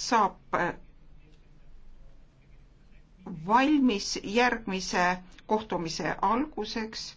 saab äh, valmis järgmise kohtumise alguseks